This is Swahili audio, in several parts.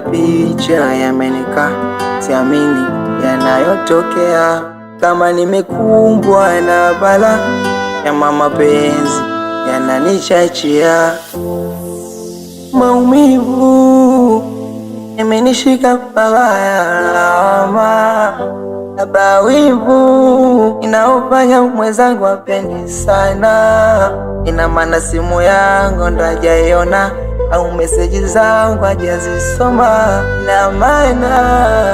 ya picha yamenikaa, siamini yanayotokea, kama nimekumbwa na bala ya mapenzi yananichachia, maumivu yamenishika pabaya, lawama labda wivu inaofanya mwenzangu apendi sana, ina maana simu yangu ndo au meseji zangu hajazisoma, na maana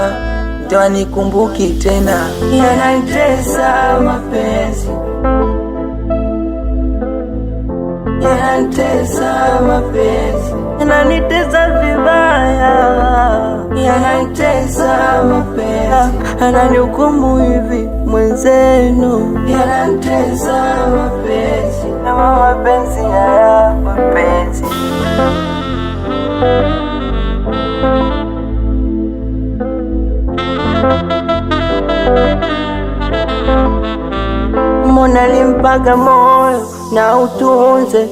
ndo anikumbuki tena, yananitesa mapenzi, yananitesa mapenzi, yananitesa vibaya, yananitesa mapenzi, ananihukumu hivi mwenzenu, yananitesa mapenzi, kama mapenzi haya mona limpaga moyo na utunze,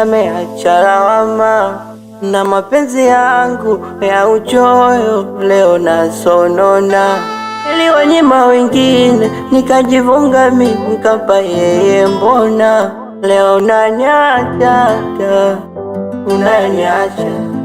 ameacha lawama na mapenzi yangu ya uchoyo, leo nasonona. Niliwanyima wengine nikajivunga mi nikampa yeye, mbona leo unaniacha? Unaniacha.